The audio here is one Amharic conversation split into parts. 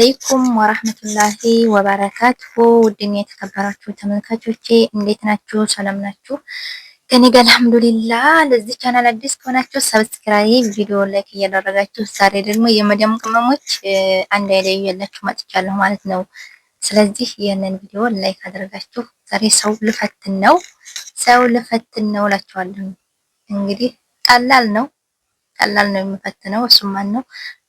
አለይኩም ወራህመቱላሂ ወበረካቱሁ ውድኛ የተከበራችሁ ተመልካቾቼ እንዴት ናችሁ? ሰላም ናችሁ? ከኔ ጋር አልሐምዱሊላህ። ለዚህ ቻናል አዲስ ከሆናችሁ ሰብስክራይብ፣ ቪዲዮ ላይክ እያደረጋችሁ ዛሬ ደግሞ የመዳም ቅመሞች አንድ አይለዩ ያላችሁ ማጥቻለሁ ማለት ነው። ስለዚህ ይህንን ቪዲዮ ላይክ አደረጋችሁ ዛሬ ሰው ልፈትን ነው ሰው ልፈትን ነው እላችኋለሁ። እንግዲህ ቀላል ነው ቀላል ነው የምፈትነው። እሱም ማን ነው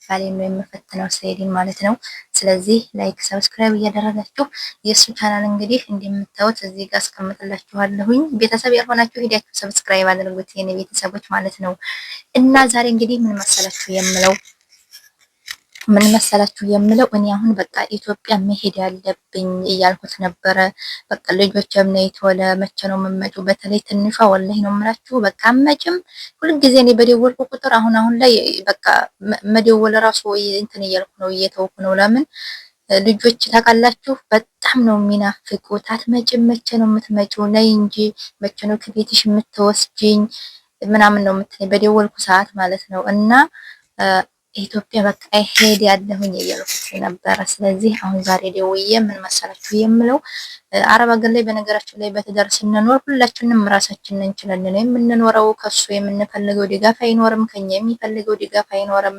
ምሳሌ ነው የምፈትነው ሰኢድን ማለት ነው። ስለዚህ ላይክ፣ ሰብስክራይብ እያደረጋችሁ የእሱ ቻናል እንግዲህ እንደምታዩት እዚህ ጋር አስቀምጥላችኋለሁኝ። ቤተሰብ ያልሆናችሁ ሄዳችሁ ሰብስክራይብ አድርጉት የኔ ቤተሰቦች ማለት ነው። እና ዛሬ እንግዲህ ምን መሰላችሁ የምለው ምን መሰላችሁ የምለው እኔ አሁን በቃ ኢትዮጵያ መሄድ ያለብኝ እያልኩት ነበረ። በቃ ልጆች የምነይት ወለ መቼ ነው የምመጪው? በተለይ ትንሿ ወላሂ ነው የምላችሁ በቃ መጭም ሁልጊዜ እኔ በደወልኩ ቁጥር አሁን አሁን ላይ በቃ መደወል ራሱ እንትን እያልኩ ነው እየተውኩ ነው። ለምን ልጆች ታውቃላችሁ በጣም ነው የሚናፍቁት። አትመጭም? መቼ ነው የምትመጪው? ነይ እንጂ መቼ ነው ከቤትሽ የምትወስጂኝ? ምናምን ነው የምትለኝ በደወልኩ ሰዓት ማለት ነው እና ኢትዮጵያ በቃ ሄድ ያለሁኝ እያልኩት ነበረ። ስለዚህ አሁን ዛሬ ደውዬ ምን መሰላችሁ የምለው አረብ አገር ላይ በነገራችን ላይ በትዳር ስንኖር ሁላችንም ራሳችንን እንችላለን የምንኖረው። ከሱ የምንፈልገው ድጋፍ አይኖርም፣ ከኛ የሚፈልገው ድጋፍ አይኖርም።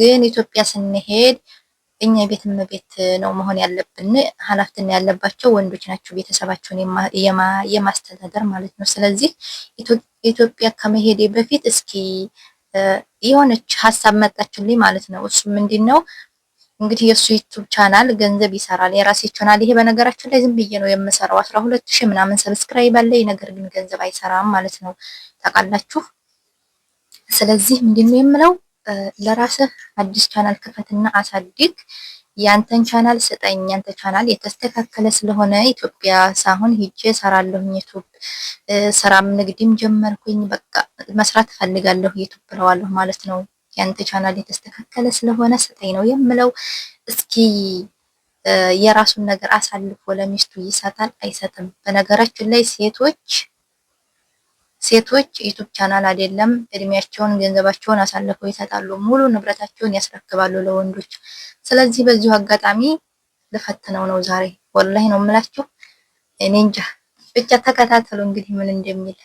ግን ኢትዮጵያ ስንሄድ እኛ ቤት እመቤት ነው መሆን ያለብን። ኃላፊነት ያለባቸው ወንዶች ናቸው ቤተሰባቸውን የማስተዳደር ማለት ነው። ስለዚህ ኢትዮጵያ ከመሄዴ በፊት እስኪ የሆነች ሀሳብ መጣችልኝ ማለት ነው። እሱ ምንድን ነው እንግዲህ የእሱ ዩቱብ ቻናል ገንዘብ ይሰራል። የራሴ ቻናል ይሄ በነገራችን ላይ ዝም ብዬ ነው የምሰራው። አስራ ሁለት ሺህ ምናምን ሰብስክራይብ አለኝ፣ ነገር ግን ገንዘብ አይሰራም ማለት ነው። ታውቃላችሁ። ስለዚህ ምንድን ነው የምለው ለራስህ አዲስ ቻናል ክፈትና አሳድግ። ያንተን ቻናል ስጠኝ። ያንተ ቻናል የተስተካከለ ስለሆነ ኢትዮጵያ ሳሁን ሂጄ ሰራለሁኝ ዩቱብ ስራም ንግድም ጀመርኩኝ። በቃ መስራት ፈልጋለሁ ዩቱብ ብለዋለሁ ማለት ነው። ያንተ ቻናል የተስተካከለ ስለሆነ ስጠኝ ነው የምለው። እስኪ የራሱን ነገር አሳልፎ ለሚስቱ ይሰጣል አይሰጥም? በነገራችን ላይ ሴቶች ሴቶች ዩቱብ ቻናል አይደለም እድሜያቸውን ገንዘባቸውን አሳልፈው ይሰጣሉ፣ ሙሉ ንብረታቸውን ያስረክባሉ ለወንዶች። ስለዚህ በዚሁ አጋጣሚ ልፈትነው ነው ዛሬ። ወላሂ ነው የምላችሁ። እኔ እንጃ ብቻ ተከታተሉ እንግዲህ ምን እንደሚል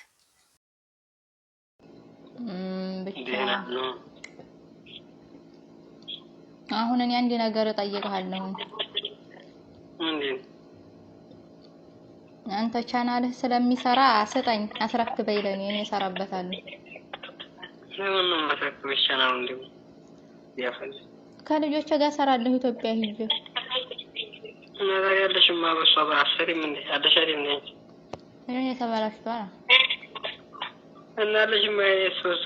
አሁን እኔ አንድ ነገር እጠይቅሃለሁ። አንተ ቻናልህ ስለሚሰራ ስጠኝ፣ አስረክበኝ ለኔ፣ እኔ እሰራበታለሁ። ከልጆቼ ጋር እሰራለሁ ኢትዮጵያ ሂጅ እና ያለሽማ በእሷ በአሰሪም እንደ አደሽ አይደል ነኝ እኔ ተበላሽቷል እና ያለሽማ የሶስቱ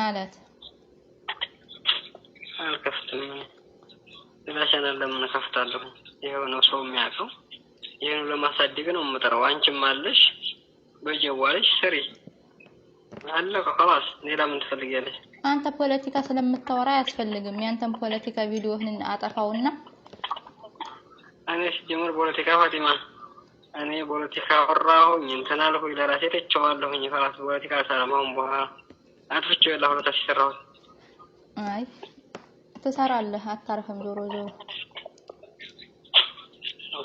ማለት አልከፍትም። ሌላሻና ለምን ከፍታለሁ? ይኸው ነው ሰው የሚያውቀው። ይህን ለማሳደግ ነው የምጠራው አንቺም አለሽ በጀዋለሽ ስሪ አለቀ። ከላስ ሌላ ምን ትፈልጊያለሽ? አንተ ፖለቲካ ስለምታወራ አያስፈልግም። ያንተን ፖለቲካ ቪዲዮህን አጠፋውና እኔ ሲጀምር ፖለቲካ ፋቲማ እኔ ፖለቲካ አወራሁኝ እንትን አልኩኝ። ለራሴ ተቸዋለሁኝ። ከላስ ፖለቲካ ሰላማሁን አሁን በኋላ አንቶች ያለ አሁን ታስ አይ ትሰራለህ፣ አታርፍም። ዞሮ ዞሮ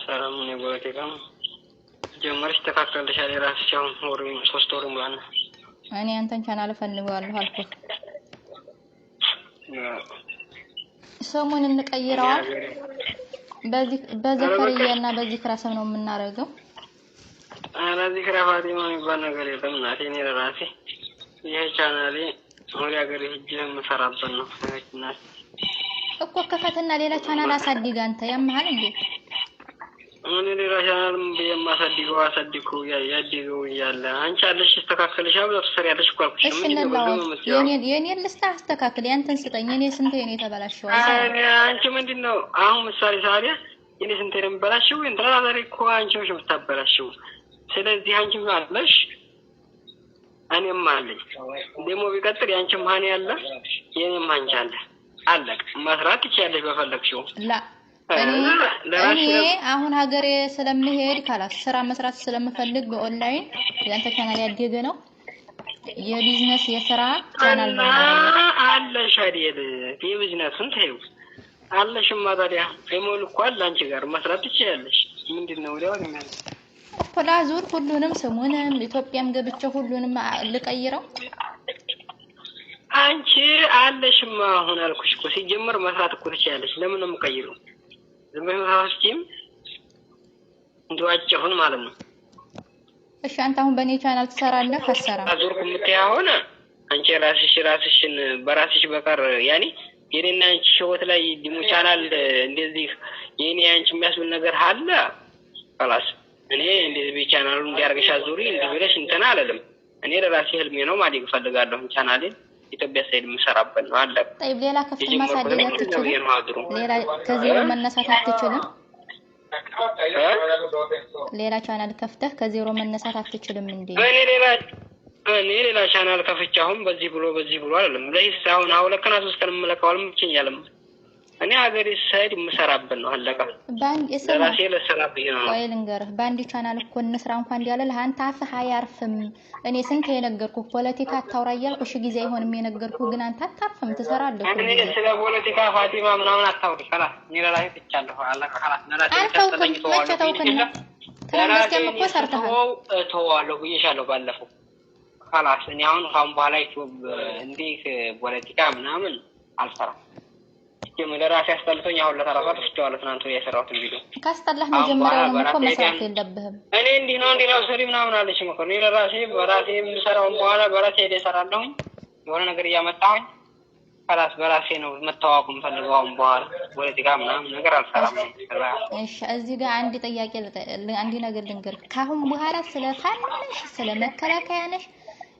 ሰራም ነው ወለቴ ጋር ጀመርሽ ተካክለሻል። የራስሽ አሁን ወሩ ሶስት ወሩ ሙሉ ነው። እኔ አንተን ቻናል እፈልገዋለሁ አልኩ። ስሙን እንቀይረዋል። በዚህ በዘፈርያ እና በዚክራ ስም ነው የምናደርገው። አላ ዚክራ ፋቲማ የሚባል ነገር የለም እናቴ እኔ ራሴ ይህ ቻናሌ ሶሪ ሀገር ሄጄ የምሰራበት ነው። እኮ ክፈትና ሌላ ቻናል አሳድግ አንተ ያመሃል እንዴ? ምን ሌላ ቻናል የማሳድገው አሳድግ ያድገው እያለ አንቺ አለሽ ይስተካከልሽ አብዛ ትሰሪያለሽ ያለሽ አልኩሽ። እሺ እንለዋለን። የኔን ልስታ አስተካክል፣ ያንተን ስጠኝ። የኔ ስንት የኔ የተበላሸው አንቺ ምንድን ነው አሁን ምሳሌ ሳሪያ የኔ ስንት የኔ የሚበላሸው እንትና ዛሬ እኮ አንቺ ነሽ የምታበላሸው። ስለዚህ አንቺ አለሽ እኔም አለኝ ደግሞ ቢቀጥል ያንቺ ማን ያለ የኔም አንቺ አለ አለቅ መስራት ትችያለሽ በፈለግሽው እኔ አሁን ሀገሬ ስለምሄድ ካላት ስራ መስራት ስለምፈልግ በኦንላይን ያንተ ቻናል ያደገ ነው የቢዝነስ የስራ ቻናል ነው አለሽ አይደል? የቢዝነስን ተይው አለሽማ ታዲያ የሞል አንቺ ጋር መስራት ትችያለሽ። ምንድን ነው ወዲያ ዙር ሁሉንም ስሙንም ኢትዮጵያም ገብቼ ሁሉንም ልቀይረው። አንቺ አለሽማ አሁን አልኩሽ እኮ ሲጀምር መስራት እኮ ትችያለሽ። ለምን ነው የምቀይረው? ዝም ብሎ ታውስቲም እንደዋጨሁን ማለት ነው። እሺ አንተ አሁን በእኔ ቻናል ትሰራለህ አትሰራም? አዙር የምትይው አሁን አንቺ ራስሽ ራስሽን በራስሽ በቀር ያኔ የኔና አንቺ ህይወት ላይ ዲሙ ቻናል እንደዚህ የኔ አንቺ የሚያስብል ነገር አለ ላስ እኔ እንደዚህ ቻናሉ እንዲያርግሻ ዙሪ እንዲብለሽ እንትን አለልም። እኔ ለራሴ ህልሜ ነው ማደግ እፈልጋለሁ። ቻናሌን ኢትዮጵያ ሳይድ የምሰራበት ነው አለ። ሌላ ከፍት ማሳደግ አትችልም። ሌላ ከዜሮ መነሳት አትችልም። ሌላ ቻናል ከፍተህ ከዜሮ መነሳት አትችልም እንዴ? እኔ ሌላ እኔ ሌላ ቻናል ከፍቼ አሁን በዚህ ብሎ በዚህ ብሎ አለም ለይስ አሁን አሁን ለከና ሶስት ቀን የምለቀው አልምችኛለም እኔ ሀገሬ ሳይድ የምሰራበት ነው። አለቃ ለራሴ ለስራ ብዬ ነው። ቆይ ልንገርህ፣ በአንድ ቻናል እኮ እንስራ እንኳን እንዲያለ ለህ አንተ አፍህ አያርፍም። እኔ ስንት የነገርኩ ፖለቲካ አታውራ እያልኩ እሺ ጊዜ አይሆንም የነገርኩ ግን አንተ አታርፍም፣ ትሰራለህ። ስለ ፖለቲካ ፋቲማ ምናምን አታውሪ። ከላስ እኔ ትቻለሁ። አለቃ አልተውክም። መቼ ተውክና? ትናንት እኮ ሰርተሃል። እተዋለሁ ብዬሻለሁ ባለፈው። ከላስ እኔ አሁን ካሁን በኋላ ዩቱብ እንዲህ ፖለቲካ ምናምን አልሰራም። ለራሴ አስጠልቶኝ አሁን ለተራሷ ትስቸዋለሁ። ትናንቱ ወዲያ የሰራሁትን ቪዲዮ ካስጠላህ መጀመሪያውንም እኮ መስራት የለብህም። እኔ እንዲህ ነው እንዲህ ነው ስሪ ምናምን አለች እኮ እኔ ለራሴ በራሴ የምሰራውን በኋላ በራሴ ሄደ እሰራለሁኝ የሆነ ነገር እያመጣሁኝ ከራስ በራሴ ነው መታወቁ የምፈልገው። አሁን በኋላ ፖለቲካ ምናምን ነገር አልሰራም። እሺ፣ እዚህ ጋር አንድ ጥያቄ አንድ ነገር ልንገርህ። ከአሁን በኋላ ስለ ፋኖ ነሽ ስለ መከላከያ ነሽ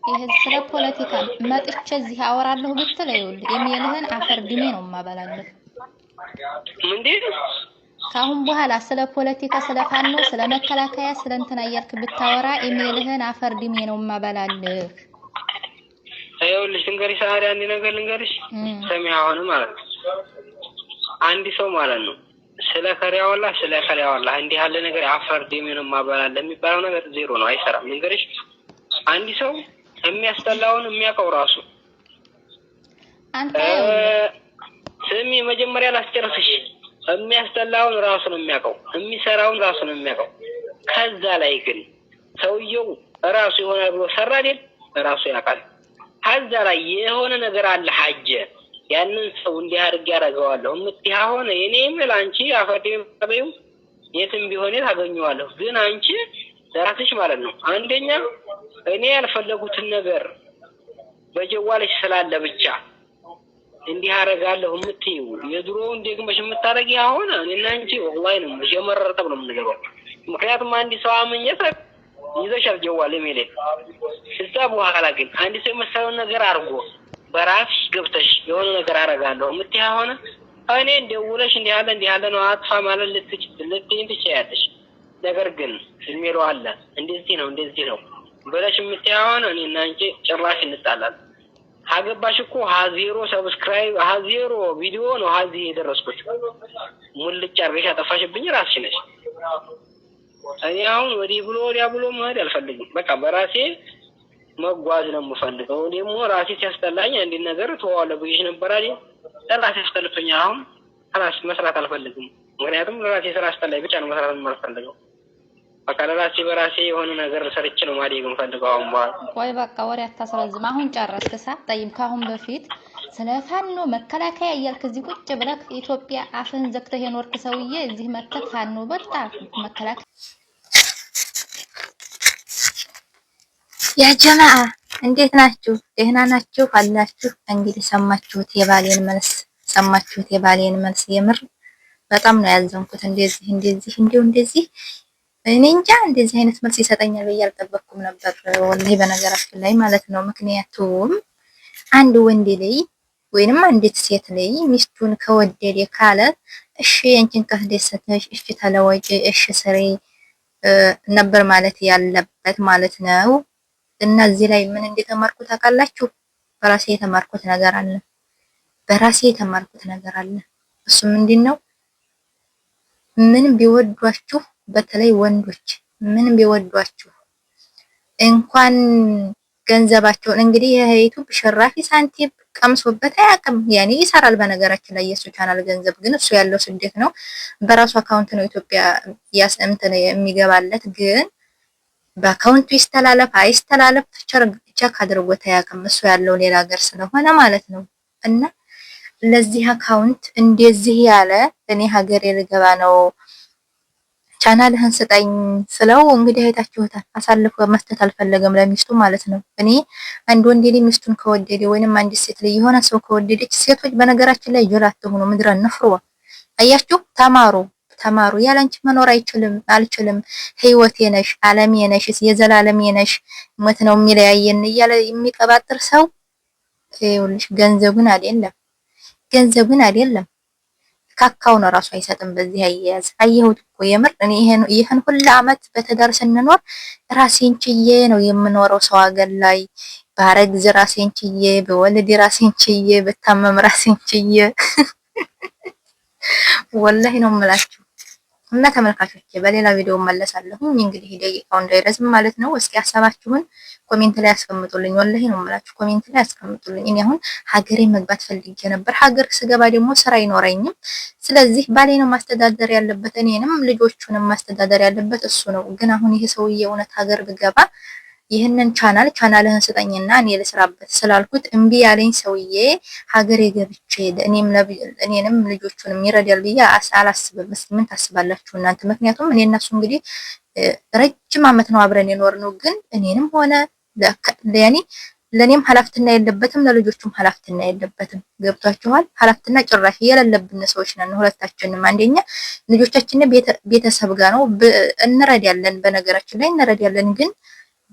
ይሄ ስለ ፖለቲካ መጥቼ እዚህ አወራለሁ ብትል ይኸውልህ ኢሜልህን አፈር ድሜ ነው የማበላለሁ። ምንድን ከአሁን በኋላ ስለ ፖለቲካ፣ ስለ ፋኖ፣ ስለ መከላከያ፣ ስለ እንትና እያልክ ብታወራ ኢሜልህን አፈር ድሜ ነው የማበላለህ። ይኸውልሽ ልንገሪሽ፣ ዛሬ አንድ ነገር ልንገሪሽ፣ ሰሚ አሁን ማለት ነው አንድ ሰው ማለት ነው ስለ ከሪያዋላ ስለ ከሪያዋላ እንዲህ ያለ ነገር አፈር ድሜ ነው የማበላለህ የሚባለው ነገር ዜሮ ነው፣ አይሰራም። ልንገሪሽ አንድ ሰው የሚያስጠላውን የሚያውቀው ራሱ ስሚ፣ መጀመሪያ ላስጨርስሽ። የሚያስጠላውን ራሱ ነው የሚያውቀው፣ የሚሰራውን ራሱ ነው የሚያውቀው። ከዛ ላይ ግን ሰውየው ራሱ የሆነ ብሎ ሰራ አይደል ራሱ ያውቃል። ከዛ ላይ የሆነ ነገር አለ ሀጀ ያንን ሰው እንዲህ አድርጌ ያደረገዋለሁ የምትይህ ሆነ የኔ የምል አንቺ አፈዴ በይው የትም ቢሆን ታገኘዋለሁ ግን አንቺ ለራስሽ ማለት ነው። አንደኛ እኔ ያልፈለጉትን ነገር በጀዋልሽ ስላለ ብቻ እንዲህ አደርጋለሁ የምትይው የድሮውን ደግመሽ የምታደርጊ አሁን እኔና እንጂ ወላሂ ነው የመረርጠብ ነው የምንገባው። ምክንያቱም አንድ ሰው አመኘት ይዘሻል ጀዋል ሜሌ እዛ በኋላ ግን አንድ ሰው የመሰለውን ነገር አድርጎ በራስሽ ገብተሽ የሆነ ነገር አደርጋለሁ የምትይ ሆነ እኔ እንደውለሽ እንዲህ ያለ እንዲህ ያለ ነው አጥፋ ማለት ልትችል ልትይን ትችያለሽ። ነገር ግን የሚለው አለ እንደዚህ ነው እንደዚህ ነው ብለሽ የምታየሆን እኔና አንቺ ጭራሽ እንጣላለን። ሀገባሽ እኮ ሀዜሮ ሰብስክራይብ ሀዜሮ ቪዲዮ ነው ሀዚህ የደረስኩት። ሙልጭ አርገሽ ያጠፋሽብኝ ራስሽ ነሽ። እኔ አሁን ወዲህ ብሎ ወዲያ ብሎ መሄድ አልፈልግም። በቃ በራሴ መጓዝ ነው የምፈልገው። ደግሞ ራሴ ሲያስጠላኝ አንድ ነገር ተዋለ ብዬሽ ነበር አይደል? ጭራሽ ያስጠልቶኛል። አሁን ራስ መስራት አልፈልግም። ምክንያቱም ራሴ ስራ አስጠላኝ ብቻ ነው መስራት የማልፈልገው። በቃ ለራሴ በራሴ የሆነ ነገር ሰርች ነው ማደግ የምፈልገው። አሁን በኋላ ቆይ በቃ ወሬ አታስረዝም። አሁን ጨረስክ ሳ ጠይም ከአሁን በፊት ስለ ፋኖ መከላከያ እያልክ እዚህ ቁጭ ብለህ ኢትዮጵያ አፍህን ዘግተህ የኖርክ ሰውዬ እዚህ መጥተህ ፋኖ በጣ መከላከያ ያ ጀማአ እንዴት ናችሁ? ደህና ናችሁ አላችሁ? እንግዲህ ሰማችሁት፣ የባሌን መልስ ሰማችሁት፣ የባሌን መልስ የምር በጣም ነው ያዘንኩት። እንደዚህ እንደዚህ እንደው እንደዚህ እኔ እንጃ እንደዚህ አይነት መልስ ይሰጠኛል ብዬ አልጠበኩም ነበር፣ ወላሂ በነገራችን ላይ ማለት ነው። ምክንያቱም አንድ ወንድ ልጅ ወይንም አንዲት ሴት ልጅ ሚስቱን ከወደደ ካለ እሺ ያንቺን ካስደሰተሽ እሺ ተለወጪ፣ እሺ ስሪ ነበር ማለት ያለበት ማለት ነው። እና እዚህ ላይ ምን እንደተማርኩ ታውቃላችሁ? በራሴ የተማርኩት ነገር አለ። በራሴ የተማርኩት ነገር አለ። እሱ ምንድን ነው? ምን ቢወዷችሁ በተለይ ወንዶች ምን ቢወዷችሁ እንኳን ገንዘባቸውን እንግዲህ የዩቱብ ሽራፊ ሳንቲም ቀምሶበት አያውቅም። ያኔ ይሰራል። በነገራችን ላይ የእሱ ቻናል ገንዘብ ግን እሱ ያለው ስደት ነው። በራሱ አካውንት ነው ኢትዮጵያ ያስእምት የሚገባለት ግን በአካውንቱ ይስተላለፍ አይስተላለፍ ቸክ አድርጎት አያውቅም። እሱ ያለው ሌላ ሀገር ስለሆነ ማለት ነው። እና ለዚህ አካውንት እንደዚህ ያለ እኔ ሀገር ልገባ ነው ቻናልህን ስጠኝ ስለው እንግዲህ አይታችሁታል። አሳልፎ መስጠት አልፈለገም ለሚስቱ ማለት ነው። እኔ አንድ ወንድ ልጅ ሚስቱን ከወደደ ወይንም አንድ ሴት ልጅ የሆነ ሰው ከወደደች፣ ሴቶች በነገራችን ላይ ጅል አትሆኑ፣ ምድረን ንፍሯ። አያችሁ፣ ተማሩ ተማሩ። ያላንቺ መኖር አይችልም አልችልም፣ ህይወቴ ነሽ፣ ዓለሜ ነሽ፣ የዘላለሜ ነሽ፣ ሞት ነው የሚለያየን እያለ የሚቀባጥር ሰው ይኸውልሽ ገንዘቡን አይደለም ገንዘቡን አይደለም ነው ራሱ አይሰጥም። በዚህ አያያዝ አየሁት እኮ የምር እኔ ይህን ሁሉ ዓመት በትዳር ስንኖር ራሴን ችዬ ነው የምኖረው ሰው ሀገር ላይ ባረግዝ ራሴን ችዬ፣ በወለድ ራሴን ችዬ፣ በታመም ራሴን ችዬ ወላሂ ነው የምላችሁ። እና ተመልካቾች በሌላ ቪዲዮ መለሳለሁ። እንግዲህ ደቂቃው እንዳይረዝም ማለት ነው። እስኪ ሀሳባችሁን ኮሜንት ላይ አስቀምጡልኝ። ወላሂ ነው የምላችሁ፣ ኮሜንት ላይ አስቀምጡልኝ። እኔ አሁን ሀገሬ መግባት ፈልጌ ነበር። ሀገር ስገባ ደግሞ ስራ አይኖረኝም። ስለዚህ ባሌ ነው ማስተዳደር ያለበት፣ እኔንም ልጆቹንም ማስተዳደር ያለበት እሱ ነው። ግን አሁን ይሄ ሰውዬ እውነት ሀገር ብገባ ይህንን ቻናል ቻናልህን ስጠኝና እኔ ልስራበት ስላልኩት እምቢ ያለኝ ሰውዬ ሀገሬ ገብቼ እኔንም ልጆቹንም ይረዳል ብዬ አላስብም። ምን ታስባላችሁ እናንተ? ምክንያቱም እኔ እነሱ እንግዲህ ረጅም ዓመት ነው አብረን የኖርነው፣ ግን እኔንም ሆነ ያኔ ለኔም ኃላፊትና የለበትም ለልጆቹም ኃላፊትና የለበትም። ገብቷችኋል? ኃላፊትና ጭራሽ የሌለብን ሰዎች ነን ሁለታችንም። አንደኛ ልጆቻችን ቤተሰብ ጋር ነው እንረዳለን፣ በነገራችን ላይ እንረዳለን ግን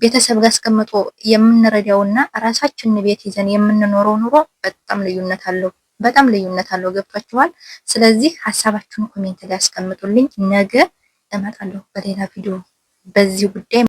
ቤተሰብ ጋር አስቀምጦ የምንረዳውና ራሳችንን ቤት ይዘን የምንኖረው ኑሮ በጣም ልዩነት አለው። በጣም ልዩነት አለው። ገብቷችኋል? ስለዚህ ሀሳባችሁን ኮሜንት ላይ አስቀምጡልኝ። ነገ እመጣለሁ በሌላ ቪዲዮ በዚህ ጉዳይ